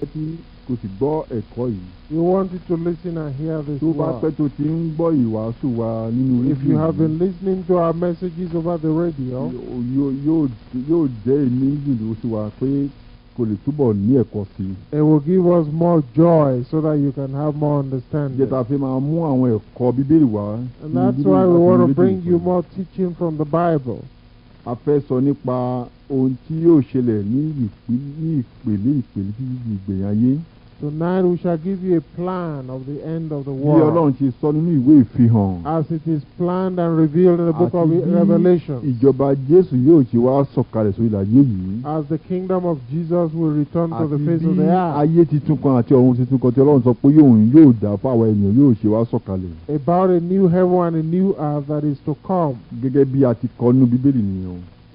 kò sì gbọ́ ẹ̀kọ́ yìí. you wanted to listen and hear this word. tó bá pẹ́ tó ti ń gbọ́ ìwàásù wa nínú rédíò. if you have been listening to our messages over the radio. yóò jẹ́ èmi jùlọ sí wa pé kò lè túbọ̀ ní ẹ̀kọ́ sí i. it will give us more joy so that you can have more understanding. jẹ́ta fi máa mú àwọn ẹ̀kọ́ bíbélì wá. and that's why we want to bring you more teaching from the Bible. a fẹ́ sọ nípa ohun tí yóò ṣẹlẹ̀ ní ìpele ìpele títí di Tonight we shall give you a plan of the end of the world. As it is planned and revealed in the book of Revelation. As the kingdom of Jesus will return to the face of the earth. sọ About a new heaven and a new earth that is to come.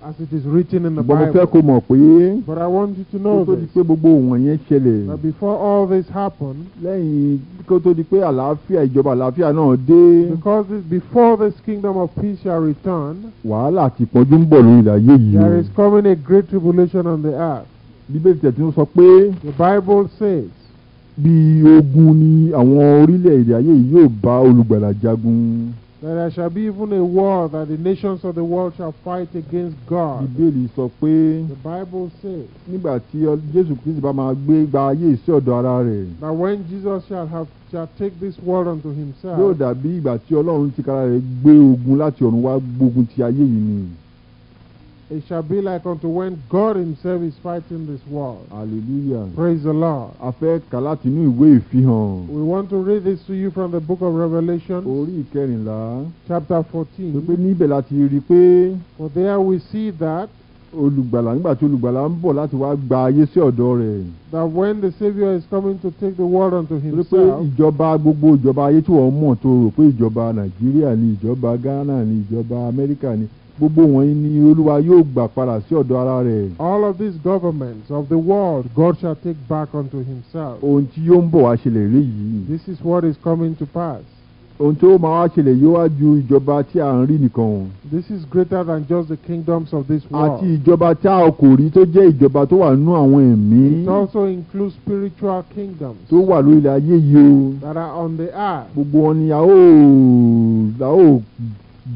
as it is written in the Bible. mo fẹ́ kó mọ̀ pé. but I want you to know this. kó tó di pé gbogbo òwọ̀n yẹn ṣẹlẹ̀. that before all this happened. lẹ́yìn kó tó di pé àlàáfíà ìjọba àlàáfíà náà dé. because this, before this kingdom of peace shall return. wàhálà àti ìpọ́njú ń bọ̀ lórí ìlàyé yìí. there is coming a great tribulation on the earth. bíbélì tẹ̀tí ń sọ pé. the Bible says bí ogun ni àwọn orílẹ̀-èdè ayé yìí yóò bá olùgbàlà jagun. that there shall be even a war that the nations of the world shall fight against God. Bíbélì sọ pé. The Bible says. Nígbà tí Jésù bá máa gbé gba ayé ọ̀dọ̀ ara rẹ̀. when Jesus shall have shall take this world unto himself. Yóò dàbí ìgbà tí Ọlọ́run ti kára rẹ̀ gbé ogun láti ọ̀run wá gbógun ti ayé yìí it shall be like unto when God himself is fighting this war. Hallelujah. Praise the Lord. We want to read this to you from the book of Revelation. Chapter fourteen. For there we see that. That when the Saviour is coming to take the world unto himself gbogbo wọ̀nyí ni olúwa yóò gbà padà sí ọ̀dọ̀ ara rẹ̀. all of these governments of the world God shall take back unto himself. ohun tí yóò ń bọ̀ wá ṣẹlẹ̀ rí yìí. this is what is coming to pass. ohun tó máa wá ṣẹlẹ̀ yóò wá ju ìjọba tí à ń rí nìkan. this is greater than just the kingdoms of this world. àti ìjọba tí a kò rí tó jẹ́ ìjọba tó wà nínú àwọn ẹ̀mí. it also includes spiritual kingdoms. tó wà lórí ilẹ̀ ayé yìí o. that are on the earth. gbogbo wọn ni a ó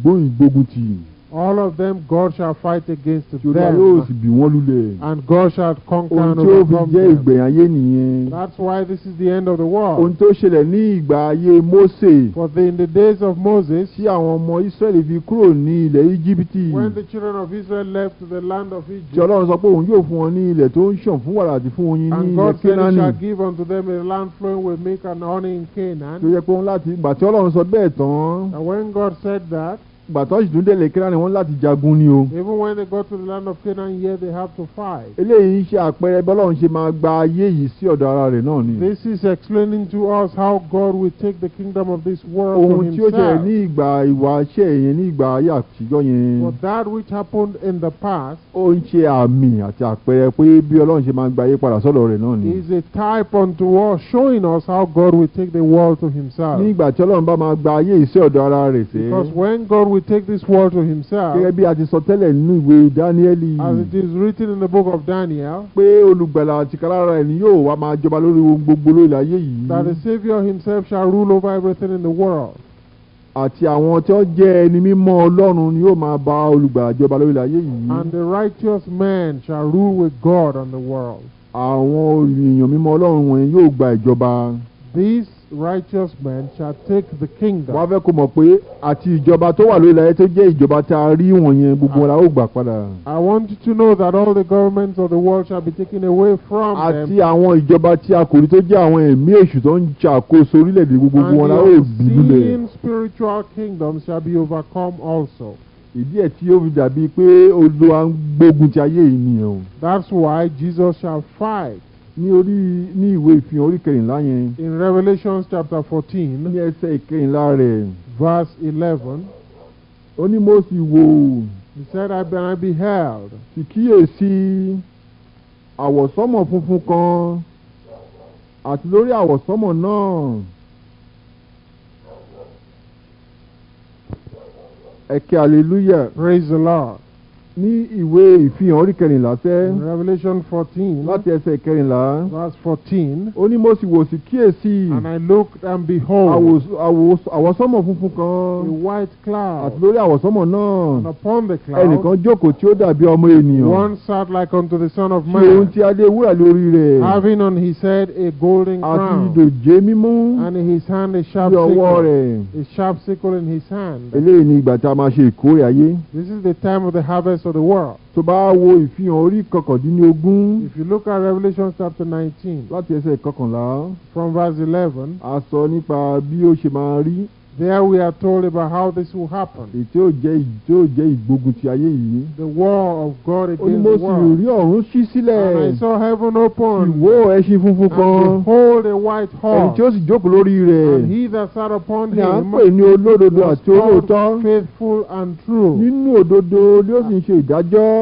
gbóyìn gbógun tì all of them God shall fight against them. and God shall conquer and overcome them. that's why this is the end of the world. for the in the days of Moses. when the children of Israel left the land of Egypt. and God said he shall give unto them a land flowing with milk and honey in Canaan. and when God said that gbàtọ́ ìdúndé lè kíra ni wọ́n láti jagun ni o. even when they go to the land of Canaan here they have to fight. eléyìí ń ṣe àpẹẹrẹ ṣe máa gba ayé yìí sí ọ̀dọ̀ ara rẹ̀ náà ni. this is explaining to us how God will take the kingdom of this world himself. ohun tí ó jẹ́ ní ìgbà ìwà yẹn ní ìgbà ayé àtijọ́ yẹn. for that which happened in the past. ó ń ṣe àmì àti àpẹẹrẹ pé bí ọlọ́run ṣe máa gba ayé padà sọ́dọ̀ rẹ̀ náà ni. is a type unto us showing us how God will take the world to himself. ní ìgbà tí ọlọ́run bá máa gba ayé yìí sí ọ̀dọ̀ ara rẹ̀ sí. because when God will will take this world to himself. gẹ́gẹ́ bí a ti sọ tẹ́lẹ̀ nínú ìwé Dáníẹ́lì. as it is written in the book of Daniel. pé olùgbàlà àtìkálára ẹ̀ ni yóò wá máa jọba lórí ohun gbogbo lórí ayé yìí. that the saviour himself shall rule over everything in the world. àti àwọn tí ó jẹ́ ẹni mímọ́ Ọlọ́run ni yóò máa bá olùgbàlà jọba lórí ayé yìí. and the righteous man shall rule with God on the world. àwọn ènìyàn mímọ́ Ọlọ́run wọ̀nyí yóò gba ìjọba. these righteous man shall take the kingdom. wọ́n fẹ́ kó mọ̀ pé àti ìjọba tó wà lórí ilẹ̀ tó jẹ́ ìjọba tá a rí gbogbo ó gbà padà. I want you to know that all the governments of the world shall be taken away from them. àti àwọn ìjọba tí a kò rí tó jẹ́ àwọn ẹ̀mí èṣù tó ń ṣàkóso orílẹ̀-èdè gbogbo wọn ó bì lulẹ̀. and the obscene spiritual kingdoms shall be overcome also. Ìdí ẹ̀ tí ó fi dàbí pé Olúwa ń gbógun ti ayé gbogun ti nìyẹn o. That's why Jesus shall fight. ní orí ní ìwé ìfihàn orí kẹrìnlá yẹn. in Revelation chapter fourteen. ní ẹsẹ̀ ìkẹrìnlá rẹ̀. verse eleven. ó ní mo sì wò. he said I been I beheld. sì kíyèsí àwọ̀sánmọ̀ funfun kan àti lórí àwọ̀sánmọ̀ náà. ẹ̀kẹ́ hallelujah. praise the Lord. ní ìwé ìfihàn orí kẹrìnlá sẹ́. revelation fourteen. láti ẹsẹ̀ kẹrìnlá. verse fourteen. ó ní mo sì wò sí kíyèsí. and I looked and behold. àwọsánmọ̀ funfun kan. a white cloud. àti lórí àwọsánmọ̀ náà. and upon the cloud. ẹnìkan jókòó tí ó dàbí ọmọ ènìyàn. one sat like unto the son of man. ṣé ohun tí adé wúrà lórí rẹ̀. having on his head a golden crown. àti ìdòjé mímú. and in his hand a sharp sickle. ọwọ́ rẹ̀. a sharp sickle in his hand. eléyìí ni ìgbà tá a máa ṣe ìkórè ayé. this is the time of the harvest the world. tó bá wo ìfihàn orí kọkàndínlógún. if you look at Revelation chapter nineteen. láti ẹsẹ̀ ìkọkànlá. from verse eleven. a sọ nípa bí ó ṣe máa rí. There we are told about how this will happen. The war of God against the world. And I saw heaven open. Ìwó ẹṣin And behold a white horse. And he that sat upon him. Ní à faithful and true.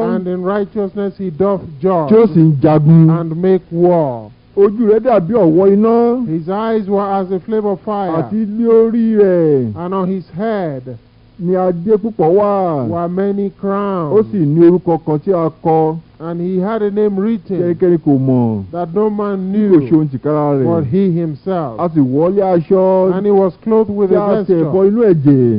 And in righteousness he doth judge. And make war. ojú rẹ̀ dàbí ọ̀wọ́ iná. his eyes were as a flame of fire. àti lórí rẹ̀. and on his head. ni adé púpọ̀ wà. were many crowns. ó sì ní orúkọ kan tí a kọ. And he had a name written. That no man knew. But he himself. As sì wọlé aṣọ. And he was clothed with a vesture.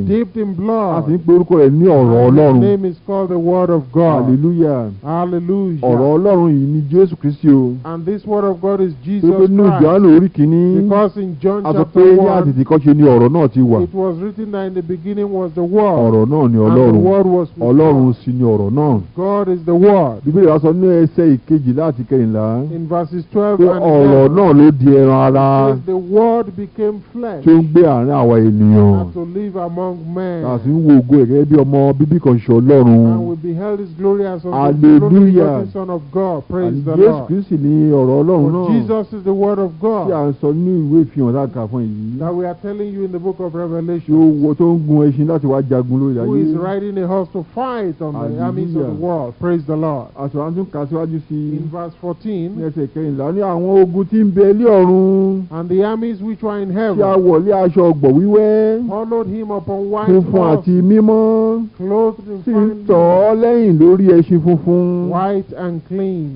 Dipped in blood. A And his name is called the word of God. Hallelujah. Hallelujah. Ọ̀rọ̀ Ọlọ́run yìí ni Jésù Kristi o. And this word of God is Jesus Christ. Because in John chapter one. It was written that in the beginning was the word. And the word was with God. God is the word ìwé aṣọ ní ẹsẹ̀ ìkejì láti kẹrìnlá. in verses twelve and eleven. ọ̀rọ̀ náà ló di ẹran ara. because the word became flesh. tí ó ń gbé àárín àwa ènìyàn. and to live among men. àti ń wo ògo ẹ̀gẹ́ bí ọmọ bíbí kan ṣe ọlọ́run. and we beheld his glory as of Alleluia. the son of God praise and the Lord. Jésù Kristi ni ọ̀rọ̀ ọlọ́run náà. Jesus is the word of God. tí a ń sọ ní ìwé láka that we are telling you in the book of Revelation. yóò wọ tó ń gun ẹṣin láti wá jagun lórí ayé. who is riding a horse to fight on the armies of the world praise the Lord. Quran tún kà síwájú sí in verse fourteen. ní ẹsẹ̀ kẹrìnlá ní àwọn ogun tí ń bẹ ilé ọ̀run. and the armies which were in heaven. tí a wọlé aṣọ ọ̀gbọ̀ wíwẹ́. followed him upon white cloth. funfun àti mímọ́. clothed in fine linen. sì ń tọ̀ ọ́ lẹ́yìn lórí ẹṣin funfun. white and clean.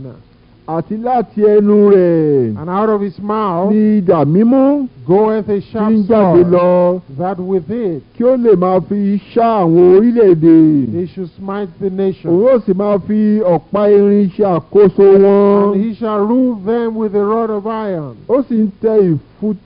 àti láti ẹnu rẹ̀. and out of his mouth. ni idà mímú. goeth a sharp sword. ti ń jáde lọ. that with it. kí ó lè máa fi ṣá àwọn orílẹ̀-èdè. he should smite the nation. òun ó sì máa fi ọ̀pá irin ṣe àkóso wọn. and he shall rule them with a rod of iron. ó sì ń tẹ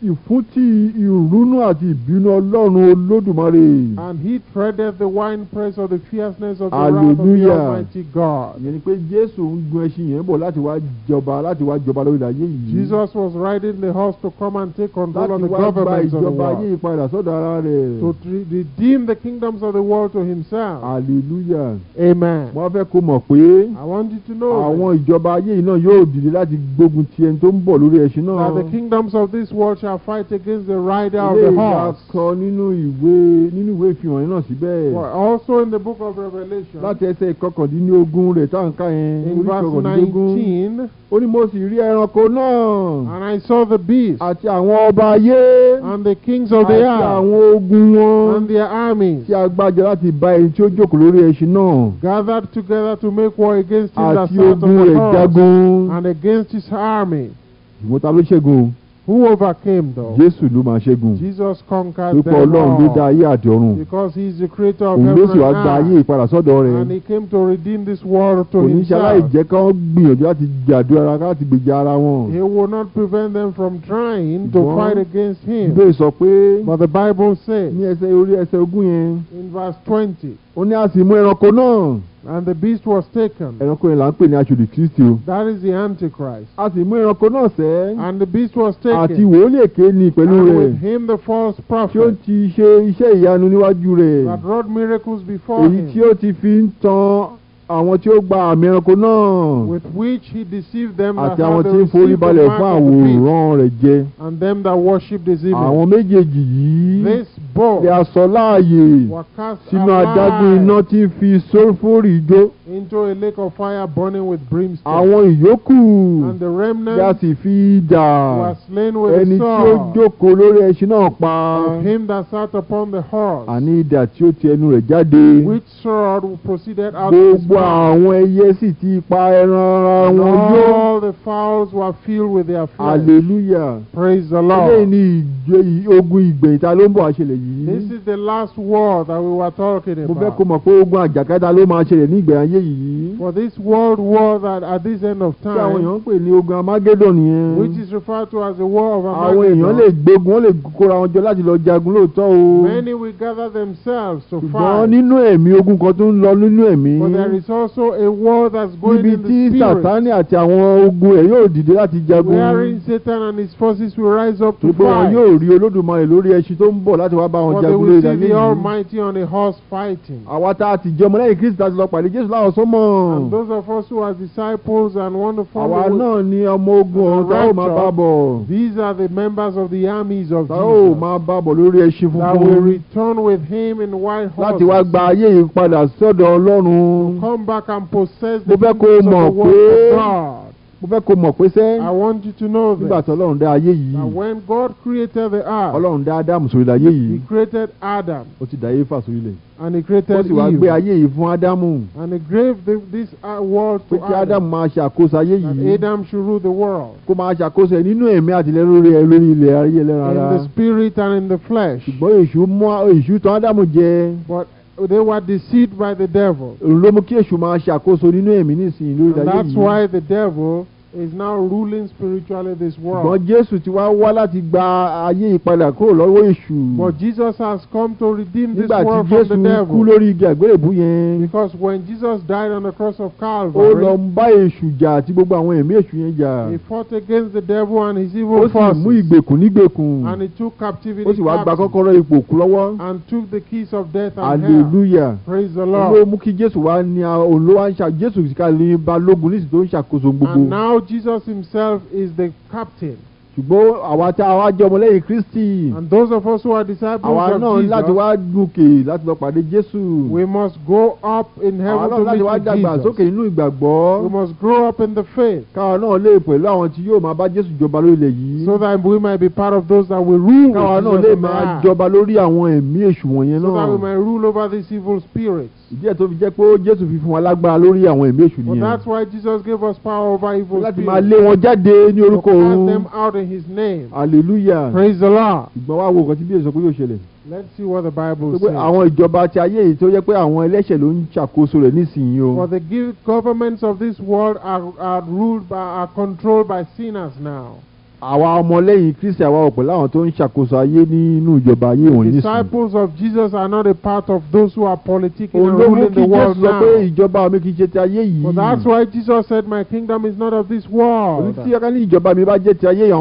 ìfúntì ìrúnú àti ìbínú ọlọ́run olódùmarè. and he treaded the winepress of the fierceness of the Alleluia. wrath of the almighty God. ìyẹn ni pé Jésù ń gun ẹṣin yẹn bọ̀ láti wá jọba láti wá jọba lórí ayé yìí. Jesus was riding the horse to come and take control of the of the world. láti wá gba ìjọba ayé sọ́dọ̀ ara rẹ̀. to redeem the kingdoms of the world to himself. Alleluia. amen. fẹ́ kó mọ̀ pé. I want you to know. àwọn ìjọba ayé yìí náà yóò dìde láti gbógun ti ẹni tó ń bọ̀ lórí ẹṣin náà. that the kingdoms of this world shall fight against the rider of the horse. also in the book of Revelation. in verse nineteen. and I saw the beast. and the kings of the earth. and their armies. gathered together to make war against him that sat on the horse. and against his army. who overcame though. Jésù ló máa ṣẹ́gun. Jesus conquered them all. pípọ̀ Ọlọ́run ló dá ayé àti because he is the creator of everything and òun ló sì wá gba ayé ìpadà sọ́dọ̀ rẹ̀. and he came to redeem this world to himself. oníṣẹ́ aláìjẹ́ kí wọ́n gbìyànjú láti gbàdúrà láti gbèjà ara wọn. he will not prevent them from trying to fight against him. bẹ́ẹ̀ sọ pé. but the Bible says. ní ẹsẹ̀ orí ẹsẹ̀ ogún yẹn. in verse twenty. ó ní a sì mú ẹranko náà. and the beast was taken. ẹranko yẹn là ń pè ní aṣojú kristi o. that is the antichrist. a sì mú ẹranko náà sẹ́. and the beast was taken. àti pẹ̀lú rẹ̀. and with him the false prophet. tí ó ti ṣe iṣẹ́ ìyanu níwájú rẹ̀. that wrought miracles before him. èyí tí ó ti fi ń tan àwọn tí ó gba àmì ẹranko náà. with which he deceived them that àti àwọn tí ń forí balẹ̀ fún àwòrán rẹ̀ jẹ. and them that worshiped the evening. àwọn méjèèjì yìí. this ball. they are láàyè. cast alive. sínú adágún iná tí ń fi sọ́fórì jó. into a lake of fire burning with brimstone. àwọn ìyókù. and the remnant. yà sì fi idà. slain with sword. ẹni tí ó jókòó lórí ẹṣin náà pa. of him that sat upon the horse. àní idà tí ó ti ẹnu rẹ̀ jáde. which sword proceeded out of his mouth. gbogbo Olúwa àwọn ẹyẹ sì ti pa ẹran wọn yó. all the fowls were filled with their flesh. Hallelujah. Praise the Lord. Ilé ní ìjọ ogun ìgbẹ̀yìn ta ló ń bọ̀ àṣẹlẹ̀ yìí. This is the last war that we were talking about. Mo fẹ́ kó mọ̀ pé ogun àjàkadà ló máa ṣẹlẹ̀ ní ìgbẹ̀yìn ayé yìí. For this world war that at this end of time. Tí àwọn èèyàn ń pè ní ogun Amagedon nìyẹn. Which is referred to as the war of Amagedon. Àwọn èèyàn lè gbógun, wọ́n lè kóra wọn jọ láti lọ jagun lóòótọ́ o. Many will gather themselves to fight. Ṣùgbọ́n nínú ẹ̀mí ogun kan tó ń lọ nínú ẹ̀mí. But there is is also a war that's going in the spirit. Níbi Satan and his forces will rise up to fight. For they will see the Almighty on a horse fighting. And those of us who are disciples and want to follow. These are the members of the armies of Jesus. That will return with him in white horses. To come come back and possess the things of the word of God. mo fẹ́ kó mọ̀ pé sẹ́. I want you to know that. nígbà tí ọlọ́run dá ayé yìí. that when God created the earth. ọlọ́run dá Adam sórí ayé yìí. he created Adam. ó ti dá Éfà sórí ilẹ̀. and he created Eve. ó sì wá gbé ayé yìí fún Ádámù. and he gave the, this uh, world to Adam. pé kí Adam máa ṣàkóso ayé yìí. that Adam should rule the world. kó máa ṣàkóso ẹ nínú ẹ̀mí àtìlẹ́rú rẹ̀ lórí ilẹ̀ ayé ẹlẹ́ran ara. in the spirit and in the flesh. ṣùgbọ́n èṣù mú èṣù tàn Ádámù jẹ. but they were deceived by the devil. that's why the devil is now ruling spiritually this world. Jésù ti wá wá láti gba ayé ìpadà kúrò lọ́wọ́ èṣù. but Jesus has come to redeem this world from the devil. Jésù kú lórí igi àgbélébú yẹn. because when Jesus died on the cross of Calvary. ó lọ ń bá èṣù jà àti gbogbo àwọn ẹ̀mí èṣù yẹn jà. he fought against the devil and his evil forces. ó sì mú ìgbèkùn nígbèkùn. and he took captivity captive. ó sì wá gba kọ́kọ́rọ́ ipò lọ́wọ́. and took the keys of death and hell. hallelujah praise the Lord. kí Jésù wá ní Jésù tó ń ṣàkóso gbogbo. and now Jesus himself is the captain. and those of us who are disciples of Jesus. we must go up in heaven to meet with Jesus. we must grow up in the faith. so that we might be part of those that will rule. so that we might rule over these evil spirits ìdí ẹ̀ tó fi jẹ́ pé jésù fi fún wa lágbára lórí àwọn ẹ̀mí èṣù nìyẹn. but that's why Jesus gave us power over evil spirits. láti máa lé wọn jáde ní orúkọ òun. to cast them out in his name. hallelujah. praise the Lord. wa wo nǹkan tí bíyẹn sọ pé yóò ṣẹlẹ̀. let's see what the Bible says. àwọn ìjọba ti ayé yìí tó pé àwọn ẹlẹ́ṣẹ̀ ló ń ṣàkóso rẹ̀ nísìnyí o. for the governments of this world are, are ruled by are controlled by sinners now àwa kristi àwa láwọn tó ń ṣàkóso ayé nínú ìjọba ayé nísìnyí. disciples of Jesus are not a part of those who are political in the the world now. sọ pé ìjọba ṣe ti ayé yìí. but that's why Jesus said my kingdom is not of this world. ti àwọn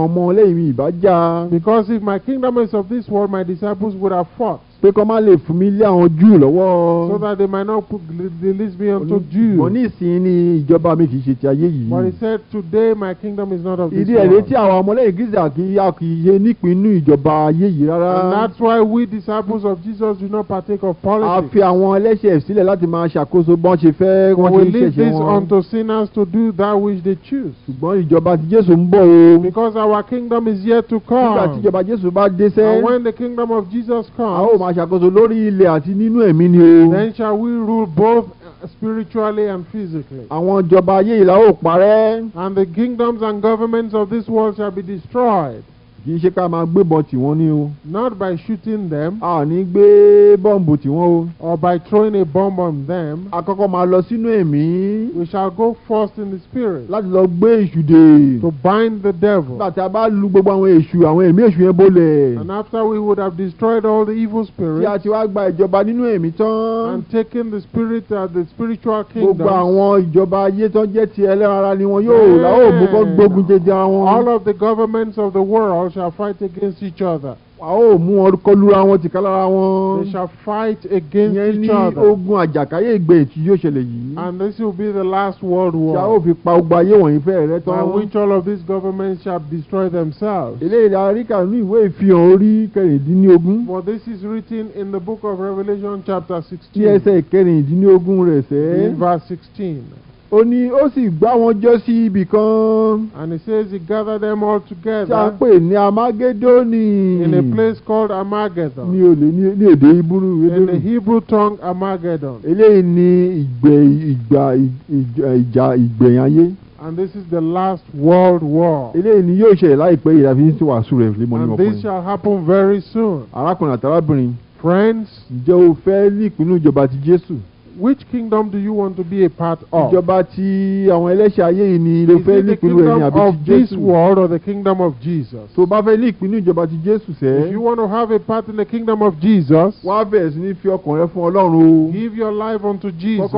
ọmọlẹ́yìn mi ìbá mi because if my kingdom is of this world my disciples would have fought. pé kọ́ má lè fún mi lé àwọn Júù lọ́wọ́. so that they might not put, release me unto Jews. mo ní ìsìn ní ìjọba mi kì í ṣe ti ayé yìí. but he said today my kingdom is not of this world. ìdí ẹ̀rẹ́ tí àwọn ọmọlẹ́yìn gíga kì í ṣe nípínú ìjọba ayé yìí rárá. and that's why we disciples of Jesus do not partake of politics. a fi àwọn ẹlẹ́ṣẹ̀ sílẹ̀ láti máa ṣàkóso bọ́n ṣe fẹ́ wọ́n ṣe we leave this unto sinners to do that which they choose. ṣùgbọ́n ìjọba ti Jésù ń bọ̀ o. because our kingdom is yet to come. nígbà tí ìjọba and when the kingdom of Jesus comes. máa ṣàkóso lórí ilẹ̀ àti nínú ẹ̀mí ni o. Then shall we rule both uh, spiritually and physically. àwọn ìjọba ayé ìlà ó parẹ́. And the kingdoms and governments of this world shall be destroyed kì í ṣe ká máa gbébọn tì wọ́n ní o. not by shooting them. ní gbé bọ́ǹbù tì wọ́n o. or by throwing a bomb on them. máa lọ sínú ẹ̀mí. we shall go first in the spirit. láti lọ gbé èṣù dè. to bind the devil. nígbà tí a bá lu gbogbo àwọn èṣù àwọn ẹ̀mí èṣù yẹn bólẹ̀. and after we would have destroyed all the evil spirits. tí a ti wá gba ìjọba nínú ẹ̀mí tán. and taken the spirit of the spiritual kingdom. gbogbo àwọn ìjọba ayé tán jẹ́ ti ni wọn yóò ó mú kó gbógun jẹjẹrẹ wọn. all of the governments of the world shall fight against each other. kọlura lára wọn. they shall fight against each other. yẹn ní ogun àjàkáyé tí ṣẹlẹ̀ and this will be the last world war. fi pa fẹ́ rẹ́ by which all of these governments shall destroy themselves. aríkà for this is written in the book of Revelation chapter sixteen. tí ẹsẹ̀ rẹ̀ sẹ́. in verse sixteen ó ní ó sì gbá wọn jọ sí ibì kan. and he says he gathered them all together. ń pè ní amagedoni. in a place called amagedon. ní olè ní ní èdè in the hebrew tongue amagedon. eléyìí ni ìgbẹ́ ìgbà ìjà ìgbẹ̀yìn ayé. and this is the last world war. eléyìí ni yóò ṣẹlẹ̀ láìpẹ́ yìí láti wàásù rẹ̀ ní ọkùnrin. and this shall happen very soon. arákùnrin àtàlábìnrin. friends. ǹjẹ́ o fẹ́ ní ìpinnu ìjọba ti Jésù which kingdom do you want to be a part of? is it the kingdom of this world or the kingdom of Jesus? if you want to have a part in the kingdom of Jesus. give your life unto Jesus.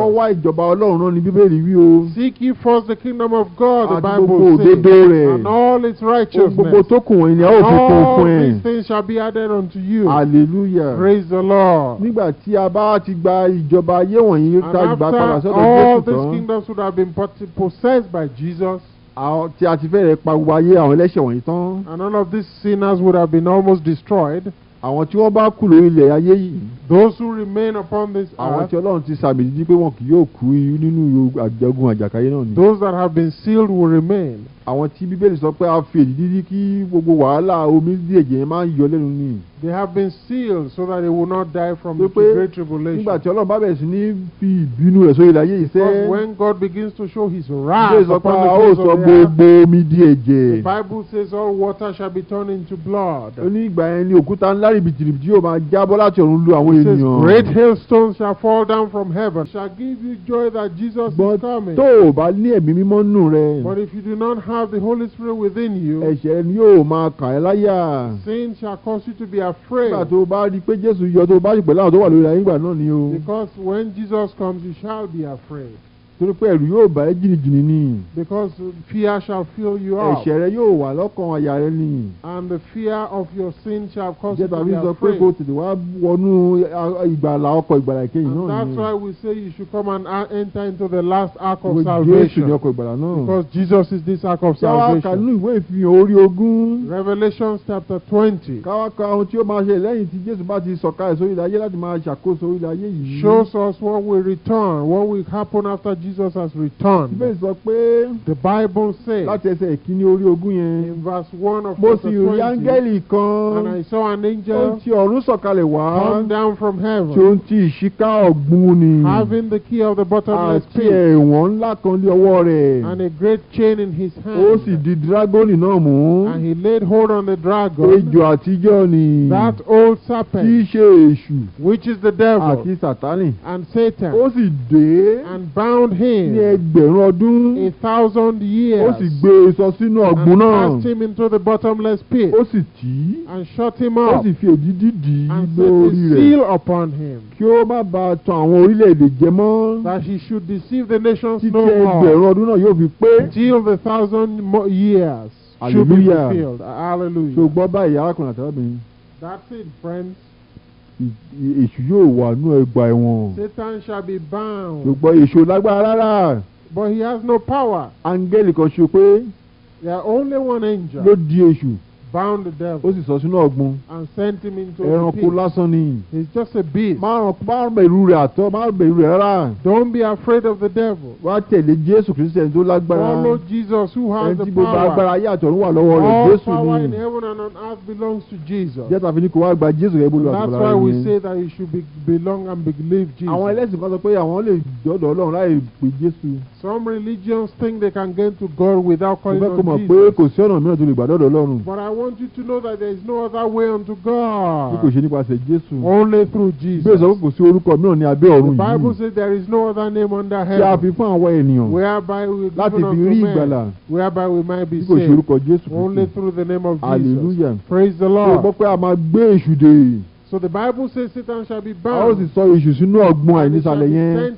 seek ye first the kingdom of God the Bible says. and all its righteousness. all these things shall be added unto you. hallelujah. praise the Lord wọ̀nyí yóò ta ìgbà padà sọ́dọ̀ Jésù and all these kingdoms would have been possessed by Jesus. and all of these sinners would have been almost destroyed àwọn tí wọ́n bá kú ilẹ̀ ayé yìí. those who remain upon this earth. àwọn tí Ọlọ́run ti sàmì dídí pé wọn kì yóò kú nínú àjẹgùn àjàkáyé náà ni. those that have been sealed will remain. àwọn tí Bíbélì sọ pé a fi èdè dídí kí gbogbo wàhálà omi ẹ̀jẹ̀ yẹn máa ń yọ lẹ́nu ni. they have been sealed so that they will not die from the great tribulation. nígbà tí Ọlọ́run bá bẹ̀rẹ̀ sí ní fi ìbínú rẹ̀ sórí yìí sẹ́. when God begins to show his wrath upon the face of the earth. the Bible says all water shall be turned into blood. ó ní ìgbà yẹn ni igba yóò máa jábọ́ láti ọ̀run lu àwọn ènìyàn. he says great hailstones shall fall down from heaven. shall give you joy that Jesus but is coming. tó o bá ní ẹ̀mí mímọ́ nù rẹ. but if you do not have the Holy Spirit within you. ẹ̀ṣẹ̀ ni yóò máa kà ẹ́ láyà. sin shall cause you to be afraid. nígbà tó o bá rí i pé Jésù yọ tó o bá rí i pẹ̀lú àwọn tó wà lórí ayé ìgbà náà ni o. because when Jesus comes you shall be afraid torí pé ẹ̀rù yóò bá ẹ jìnnìjìnnì ni. because fear shall fill you up. ẹ̀ṣẹ̀ rẹ yóò wà lọ́kàn àyà rẹ ni. and the fear of your sin shall cause you to be afraid. sọ pé kò tètè wá wọnú ìgbàlà ọkọ̀ ìgbàlà náà ni. and that's why we say you should come and enter into the last ark of salvation. Jésù ni ọkọ̀ ìgbàlà náà. because Jesus is this ark of salvation. ìwé ìfihàn orí ogún. Revelation chapter twenty. ohun tí ó máa ṣe lẹ́yìn tí Jésù bá ti sọ̀ka ẹ̀ sórí ilẹ̀ ti sori máa ṣàkóso ilẹ̀ ayé yìí. shows us what will return what will happen after Jesus. Jesus has returned. The Bible says. In verse one of chapter twenty. And I saw an angel. Come down from heaven. Tí ó ń Having the key of the bottomless pit. And a great chain in his hand. And he laid hold on the dragon. That old serpent. Which is the devil. And Satan. And bound him. ní ẹgbẹ̀rún ọdún. a thousand years. ó sì gbé e sọ sínú ọ̀gbun náà. and cast him into the bottomless pit. ó sì tì í. and shut him up. ó sì fi èdìdì dì lórí rẹ̀. and set a seal upon him. kí ó má bàa tan àwọn orílẹ̀-èdè jẹ mọ́. that he should deceive the nations no more. títí ẹgbẹ̀rún ọdún náà yóò fi pé. till the thousand years. hallelujah should be fulfilled hallelujah. ṣùgbọ́n báyìí arákùnrin àtàlábìnrin. that's it friends. èṣù yóò wà nú ẹgbà ẹ̀wọ̀n. Satan shall be bound. ṣùgbọ́n èṣù lágbára rárá. but he has no power. áńgẹ́lì kan ṣe pé. there are only one angel. ló di èṣù. bound the devil. ó sì sọ sínú ọ̀gbun. and sent him into the pit. ẹranko lásán ni. he is just a beast. má ràn má bẹ̀rù rẹ̀ àtọ́ má bẹ̀rù rẹ̀ rárá. don't be afraid of the devil. wá tẹ̀lé Jésù Kristi ẹni tó lágbára. follow Jesus who has the power. ẹni tí gbogbo agbára ayé àtọ̀run wà lọ́wọ́ rẹ̀ Jésù ni. all power in heaven and on earth belongs to Jesus. jẹ́ta fi ni kò wá gba Jésù gẹ́gẹ́ bó lu àtọ̀run rẹ̀ that's why we say that you should be, belong and believe Jesus. àwọn ẹlẹ́sìn kan sọ pé àwọn lè dọ́dọ̀ Ọlọ́run láì pè Jésù. some religions think they can get to God without calling on Jesus. want you to know that there is no other way unto God. only through Jesus. the bible says there is no other name under heaven. whereby we give whereby we might be saved. only through the name of Jesus. hallelujah. praise the Lord. So the Bible says Satan shall be bound. A ó sì sọ èṣù sínú ọgbun àìnísàlẹ̀ yẹn.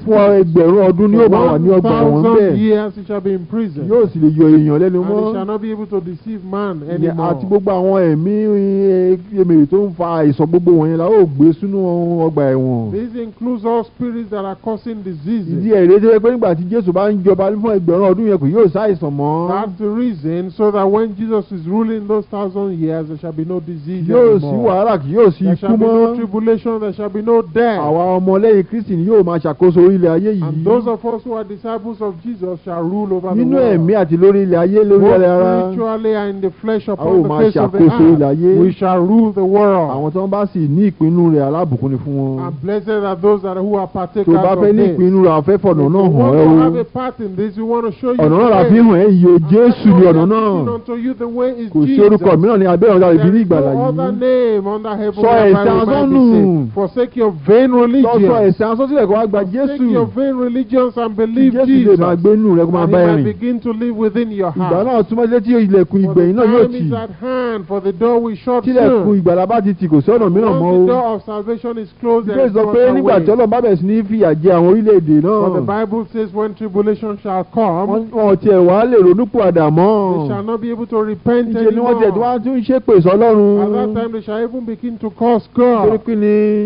Fún ẹgbẹ̀rún ọdún ni yóò wà ní ọgbà ẹ̀wọ̀n bẹ́ẹ̀. in prison. Yóò sì lè yọ èèyàn lẹ́nu mọ́. And he shall not be able to deceive man anymore. Àti gbogbo àwọn ẹ̀mí èmèrè eh, tó ń fa àìsàn gbogbo wọ̀nyẹn la ó gbé sínú ọgbà ẹ̀wọ̀n. all spirits that are causing diseases. Ìdí ẹ̀rẹ́ tó pé nígbà tí Jésù bá ń jọba fún ẹgbẹ̀rún ọdún yẹn kò yóò ṣàìsàn mọ́. That's the reason so that when Jesus is ruling those thousand years there shall be no disease anymore. Yóò sì wà wàhálà yóò sí ikú mọ́. there shall be no tribulation there shall be no death. àwa ọmọlẹ́yìn Kristi ni yóò máa ṣàkóso ilẹ̀ ayé yìí. and those of us who are disciples of Jesus shall rule over the world. nínú ẹ̀mí àti lórí ilẹ̀ ayé lórí ilẹ̀ ara. both spiritually and in the flesh upon the face of the earth. we shall rule the world. àwọn tó ń bá sì ní ìpinnu rẹ̀ alábùkún ni fún wọn. and blessed are those that who are partakers of this. tó bá fẹ́ ní ìpinnu rẹ̀ àfẹ́ fọ̀nà náà hàn ẹ́ o. if you have a part in this we want to show you the way. ọ̀nà náà làbí hàn ẹ́ iye Jésù ni ọ̀nà náà. kò sí orúkọ mìíràn ní abẹ́ ọ̀dà ìbílí ìgbàlá yìí under heaven sọ ẹ̀sìn asán nù forsake your vain religion sọ ẹ̀sìn asán sílẹ̀ kó wá gba forsake your vain religions and believe Jesus Jésù lè máa gbé nù rẹ kó máa bá ẹ and begin to live within your heart ìgbà náà túmọ̀ sí tí ilẹ̀kùn ìgbẹ̀yìn náà yóò tì for the time is at hand for the door will shut soon tilẹ̀kùn ìgbàlá bá ti tì kò sí ọ̀nà mìíràn mọ́ o the door of salvation is closed and closed. away ìgbésọ̀ pé nígbà tí Ọlọ́run bá bẹ̀ sí ní fìyà jẹ àwọn orílẹ̀-èdè náà for the Bible says when tribulation shall come wọn ò tiẹ̀ wá lè ronúpìwàdà mọ́ they shall not be able to repent anymore ìṣe ni tiẹ̀ tí wọ́n ti ń ṣépè sọ́lọ́run at that time they shall even even begin to cause quarrel.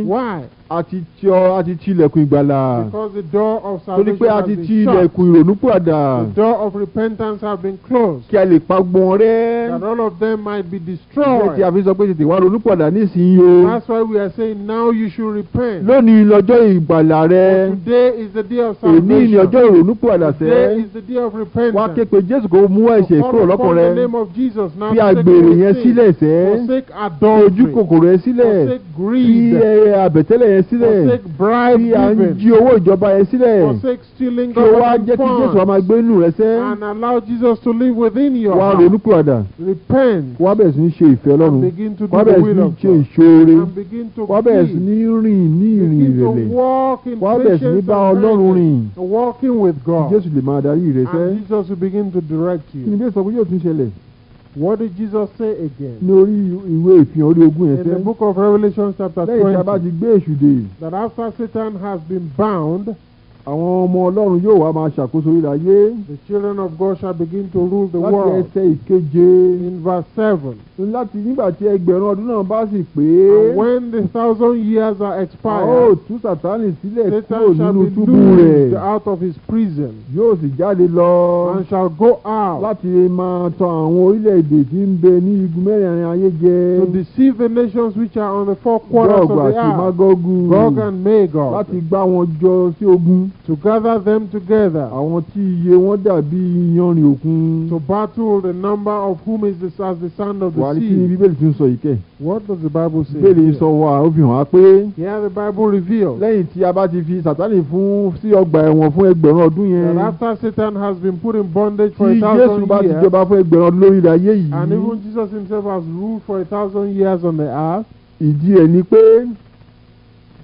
Why? àti tí ọ àti tí ilẹ̀kùn ìgbàlà. because the door of torí pé àti tí ilẹ̀kùn ìrònúpìwàdà. the repentance has been closed. kí a lè pa gbọ́n rẹ́. that all of them might be destroyed. sọ pé tètè wá ronúpìwàdà nísìnyí o. that's why we are saying now you should repent. lónìí lọ́jọ́ ìgbàlà rẹ. but today is the day of ni ọjọ́ ìrònúpìwàdà sẹ́. repentance. wá ké pe Jésù kó mú ẹ̀ṣẹ̀ kúrò lọ́kàn rẹ. fi àgbèrè yẹn sílẹ̀ sẹ́. ojú kòkòrò yẹn sílẹ̀. fi abẹ̀tẹ́lẹ̀ eh, yẹn yẹn sílẹ̀. forsake bribe giving. bí a ń jí owó ìjọba yẹn sílẹ̀. stealing government funds. kí o wá jẹ́ kí Jésù wa máa gbé gbe rẹ and allow Jesus to live within your wá ronú pìwàdà. repent. wá bẹ̀rẹ̀ sí ní ṣe ìfẹ́ Ọlọ́run. begin to do the will wá bẹ̀rẹ̀ sí ní ṣe ìṣoore. and begin to wá bẹ̀rẹ̀ sí ní rìn ní ìrìn ìrẹ̀lẹ̀. walk in patience and wá bẹ̀rẹ̀ sí ní bá Ọlọ́run rìn. walking with God. Jésù lè máa darí rẹ Jesus will begin to direct you. kí ni Jésù sọ pé yóò ṣẹlẹ̀. What did Jesus say again? No, orí ìwé ìfihàn orí ogún yẹn sẹ́. In the book of Revelation chapter twenty. Lẹ́yìn tí a bá ti gbé èṣù dè. That after Satan has been bound. àwọn ọmọ ọlọ́run yóò wá máa ṣàkóso orí ayé. the children of God shall begin to rule the láti world. láti ẹsẹ̀ ìkeje. in verse seven. láti nígbà tí ẹgbẹ̀rún ọdún náà bá sì pé. and when the thousand years are expired. a ó tú sátánì sílẹ̀ kúrò nínú túbú rẹ̀. out of his prison. yóò sì jáde lọ. and shall go out. láti máa tan àwọn orílẹ̀-èdè tí ń bẹ ní igun mẹ́rin ayé jẹ. to deceive the nations which are on the four quarters God of the earth. Gog àti Magog. Gog and Magog. láti gbá wọn jọ sí ogun to gather them together. àwọn tí iye wọn dàbí iyanrìn òkun. to battle the number of whom is this as the sand of the sea. wàhálì kí ni bíbélì ti ń sọ yìí kẹ́. what does the bible say. bíbélì sọ wa ó fi pé. here the bible reveals. lẹ́yìn tí a bá ti fi sátani fún sí ọgbà ẹ̀wọ̀n fún ẹgbẹ̀rún ọdún yẹn. that after Satan has been put in bondage for a thousand years. tí Jésù bá ti jọba fún ẹgbẹ̀rún ọdún lórí ilẹ̀ yìí. and even Jesus himself has ruled for a thousand years on the earth. ìdí ẹ̀ ni pé.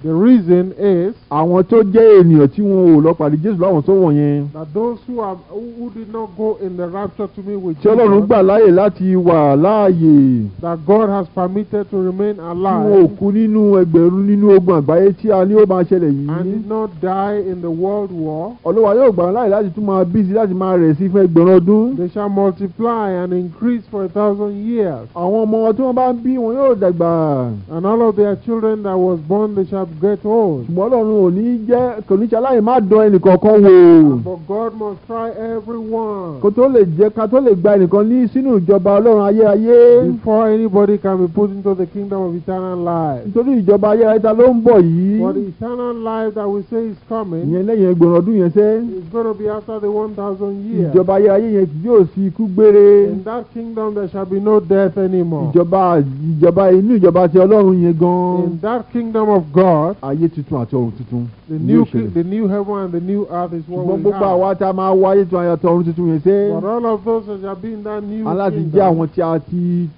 the reason is. àwọn tó jẹ́ ènìyàn tí wọn ò lọ pàdé jésù láwọn tó wọ̀nyẹn. that those who have who did not go in the rapture to me with Jesus. tí ọlọ́run gbà láàyè láti wà láàyè. that God has permitted to remain alive. tí wọn ò kú nínú ẹgbẹ̀rún nínú ogun àgbáyé tí a ní ó máa ṣẹlẹ̀ yìí. and did not die in the world war. olúwa yóò gbà wọn láàyè láti tún máa bí sí láti máa rẹ̀ sí fún ẹgbẹ̀rún ọdún. they shall multiply and increase for a thousand years. àwọn ọmọ tí wọ́n bá bí wọn yóò dàgbà. and all of their children that was born they shall get own. ṣùgbọ́n ọlọ́run ò ní jẹ́ kò ní ṣe aláì má dán ẹnìkọ̀ọ̀kan wò. but God must try everyone. kó tó lè jẹ́ ká tó lè gba ẹnìkan ní sínú ìjọba ọlọ́run ayérayé. before anybody can be put into the kingdom of eternal life. nítorí ìjọba ayérayé ta ló ń bọ̀ yìí. for the eternal life that we say is coming. ìyẹn lẹ́yìn ẹgbẹ̀rún ọdún yẹn sẹ́. it's gonna be after the one thousand years. ìjọba ayérayé yẹn yóò sí ikú gbére. in that kingdom there shall be no death anymore. ìjọba ìjọba inú ìjọba ti ọlọ́run yẹn gan. in that kingdom of God. God. Ayé tuntun àti ọ̀run tuntun. The new the new heaven and the new earth is what we have. gbogbo àwa a máa wá ayé tuntun àti ọ̀run tuntun yẹn ṣe. But all of those that shall be that new kingdom. jẹ́ àwọn tí a ti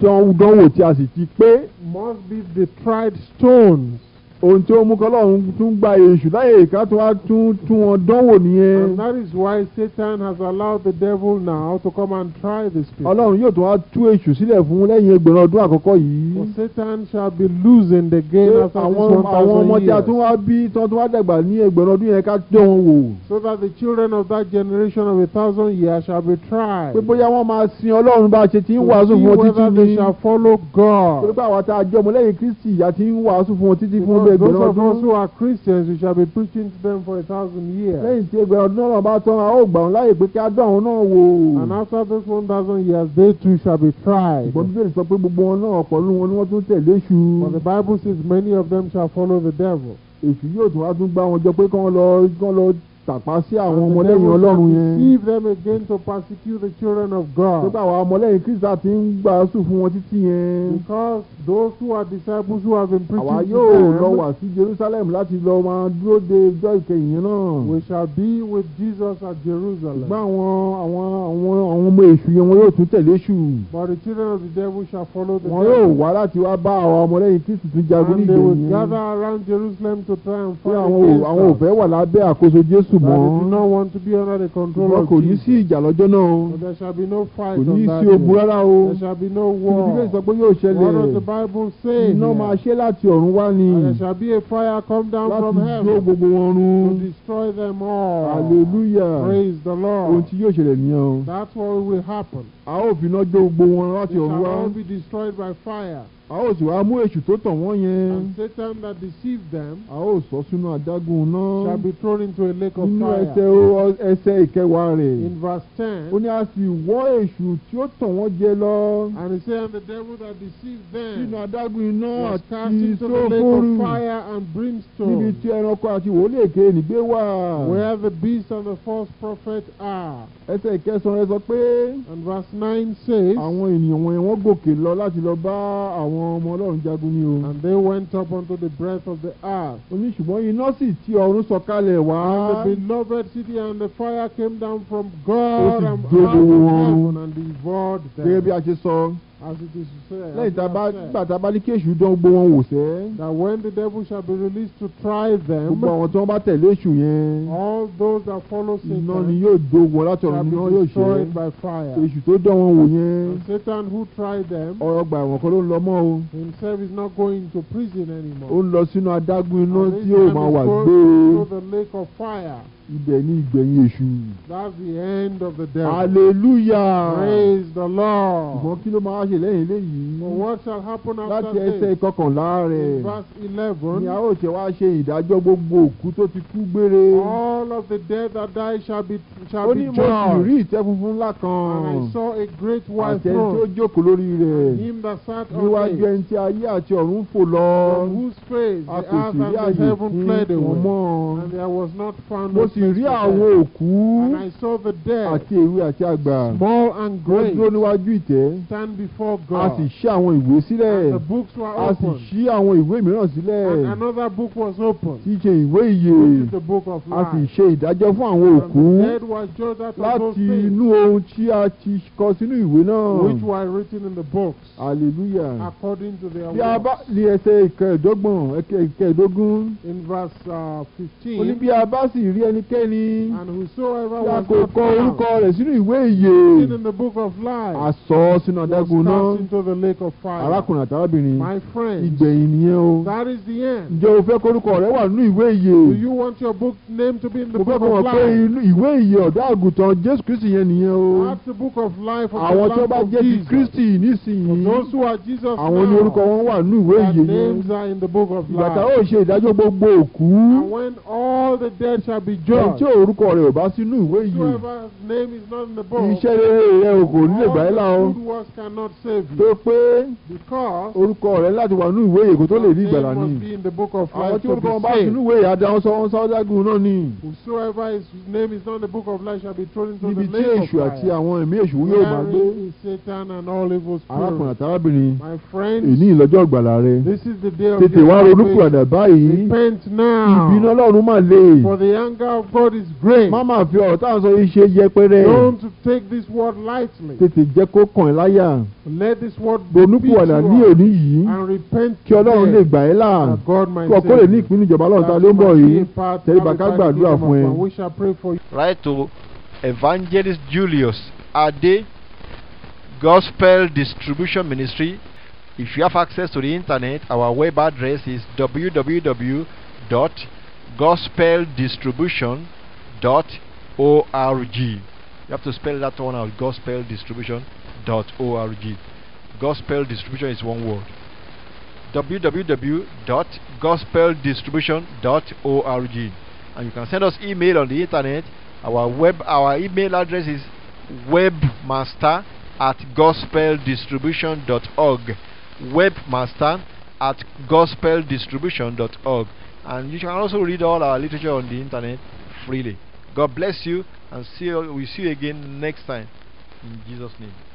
dánwò tí a sì ti pé. Must be the tried stones. ohun tí ó mú kọlọ́run tún gba èṣù láyè ká tó wá tún tún wọn dánwò nìyẹn. and that is why Satan has allowed the devil now to come and try this people. ọlọ́run yóò tún wá tú èṣù sílẹ̀ fún lẹ́yìn ẹgbẹ̀rún ọdún àkọ́kọ́ yìí. for Satan shall be losing the game after this one thousand years. àwọn ọmọdé àtún bí tán tún wá dàgbà ní ẹgbẹ̀rún ọdún yẹn ká dé wọn wò. so that the children of that generation of a thousand years shall be tried. pé bóyá wọ́n máa sin ọlọ́run bá a ṣe ti ń wàásù fún wọn títí ní. to see whether they shall follow God. pé báwa ta àjọmọ́lẹ́yìn Kristi àti ń wàásù fún wọn títí fún bẹ́ẹ̀ ẹgbẹ̀rún ọdún. those of us who are Christians we shall be preaching to them for a thousand years. lẹ́yìn tí ẹgbẹ̀rún ọdún náà bá tán a ó gbà wọn láyè pé kí á dán àwọn náà wò. and after those one thousand years they too shall be tried. ìbọn bíbélì sọ pé gbogbo wọn náà ọ̀pọ̀ nínú ni wọ́n tún tẹ̀lé ṣu. but the Bible says many of them shall follow the devil. èṣù yóò tún wá tún gbá wọn jọ pé kán lọ kán lọ tàpá sí àwọn ọmọlẹ́yìn ọlọ́run yẹn. receive them again to persecute the children of God. nígbà àwọn ọmọlẹ́yìn Kristi àti ń gbàásù fún wọn títí yẹn. because those who are disciples who have been preaching to them. àwa yóò lọ wá sí Jerusalem láti lọ máa dúró de ọjọ́ ìkẹyìn náà. we shall be with Jesus at Jerusalem. ṣùgbọ́n àwọn àwọn àwọn àwọn ọmọ èṣù yẹn wọn yóò tún tẹ̀lé èṣù. but the children of the devil shall follow the devil. wọn yóò wá láti wá bá àwọn ọmọlẹ́yìn Kristi tún jagun nígbè yẹn. and they will gather around Jerusalem to try and find the them ṣùgbọ́n wọn kò ní sí ìjà lọ́jọ́ náà o kò ní sí ogun rárá o kìí bẹ́ẹ̀ sọ pé yóò ṣẹlẹ̀ iná máa ṣe láti ọ̀run wá ni láti jó gbogbo wọn run hallelujah ohun tí yóò ṣẹlẹ̀ nìyẹn o a ó fi iná jó gbogbo wọn láti ọ̀run wá a ó sì wá mú èṣù tó tàn wọ́n yẹn. and Satan that deceived them. a ó sọ sínú adágún náà. shall be thrown into a lake of fire. nínú ẹsẹ̀ ẹsẹ̀ ìkẹwàá rẹ̀. in verse ten. ó ní a sì wọ́ èṣù tí ó tàn wọ́n jẹ lọ. and he said and the devil that deceived them. sínú adágún iná àti sófóòrù. níbi tí ẹranko àti wòlíì èké nígbé wà. where the beast and the false prophet are. ẹsẹ̀ ìkẹsàn-án rẹ̀ sọ pé. and verse nine says. àwọn ènìyàn wọ̀nyí gòkè lọ láti lọ bá àwọn. àwọn ọmọ ọlọ́run jagun ni o. and they went up unto the breadth of the earth. ó ní ṣùgbọ́n iná sì ti ọ̀run sọ̀kalẹ̀ wá. and the beloved city and the fire came down from God and out of heaven and devoured them. gẹ́gẹ́ bí a ṣe sọ. as it is said. lẹ́yìn tá nígbà tá ní kí èṣù dán gbogbo wọn wò sẹ́. that when the devil shall be released to try them. gbogbo àwọn tí wọ́n bá tẹ̀lé èṣù yẹn. all those that follow Satan. iná ni yóò do wọn láti ọ̀run ni yóò ṣe. shall be destroyed by fire. èṣù tó dán wọn wò yẹn. and Satan who tried them. ọ̀rọ̀ gba ẹ̀wọ̀n kan ló ń lọ mọ́ o. himself is not going to prison anymore. ó ń lọ sínú adágún iná tí yóò máa wà gbé. and this time he goes to the lake of fire ibẹ̀ ní ìgbẹ̀yìn èṣù. that's the end of the devil. hallelujah. praise the lord. ṣùgbọ́n kí ló máa ṣe lẹ́yìn léyìí. but what shall happen after that this. láti ẹsẹ̀ ìkọkànlá rẹ̀. in verse eleven. ni a ó ṣe wá ṣe ìdájọ́ gbogbo òkú tó ti kú gbére. all of the dead that die shall be shall be judged. ó ní mo rí ìtẹ́ funfun ńlá kan. and I saw a great white throne. àtẹ̀ntí ó jókòó lórí rẹ̀. and him that sat on it. níwájú ẹni tí ayé àti ọ̀run fò lọ. from whose face the earth and the heaven fled away. and there was not found a sì rí àwọn òkú. and I saw the dead. àti èwe àti àgbà. small and great. dúró níwájú ìtẹ́. stand before God. a sì ṣí àwọn ìwé sílẹ̀. the books were opened. a sì ṣí àwọn ìwé mìíràn sílẹ̀. and another book was opened. ṣe ìwé ìyè. which is the book of life. a sì ṣe ìdájọ́ fún àwọn òkú. the dead láti inú ohun tí a ti kọ sínú ìwé náà. which were written in the books. hallelujah. according to their works. bí a bá lè ẹsẹ̀ ìkẹẹ̀dọ́gbọ̀n ẹ̀kẹẹ̀dógún. in verse uh, fifteen. a bá sì rí ẹni ẹnikẹ́ni. and whosoever was not found. yàgòkọ orúkọ rẹ̀ sínú ìwé ìyè. seen in the book àsọ sínú ọ̀dàgùn náà. cast into the lake of fire. arákùnrin àtàrábìnrin. my friend. ìgbẹ̀yìn nìyẹn o. that is the end. ǹjẹ́ o fẹ́ kórúkọ rẹ wà nínú ìwé ìyè. do you want your book name to be in the book of life. mo fẹ́ kọ́ pé ìwé ìyè ọ̀dọ́ àgùntàn Jésù Kristi yẹn nìyẹn o. that's the book of life of the Lamb of Jesus. àwọn tí wọ́n bá jẹ́ ti Kristi nísìnyí. those who are Jesus now. àwọn ni orúkọ wọn wà nínú ìwé ìyè yẹn. names are in the book of life. ìgbà tá a ó ṣe ìdájọ́ gbogbo òkú. and when all the dead shall be judged ẹni tí orúkọ rẹ̀ ò bá sínú ìwé yìí iṣẹ́ rere rẹ̀ ò kò nílè gbà ẹ́ là o tó pé orúkọ rẹ̀ láti wà nínú ìwé yìí kó tó lè rí ìgbàlà ni àwọn tí orúkọ wọn bá sínú ìwé yìí adáwọn sọ́wọ́n sáwọ́dágùn náà ni níbi tí èṣù àti àwọn ẹ̀mí èṣù yóò máa gbé arákùnrin àtàrábìnrin èní ìlọ́jọ́ ìgbàlà rẹ̀ tètè wá ronúkúràdà báyìí ìbínú ọlọ́run máa lè. of God is great. yẹpẹrẹ. Don't take this word lightly. Let this word be And repent That God might save you. Kọ̀kọ́ lè ní ìpínlẹ̀ ìjọba Ọlọ́run ta We shall pray for you. Write to Evangelist Julius Ade, Gospel Distribution Ministry. If you have access to the internet, our web address is www gospeldistribution.org. You have to spell that one out gospeldistribution.org. Gospel distribution is one word www.gospeldistribution.org and you can send us email on the internet our web our email address is webmaster at gospeldistribution.org webmaster at gospeldistribution.org and you can also read all our literature on the internet freely. God bless you and see you, we see you again next time in Jesus name.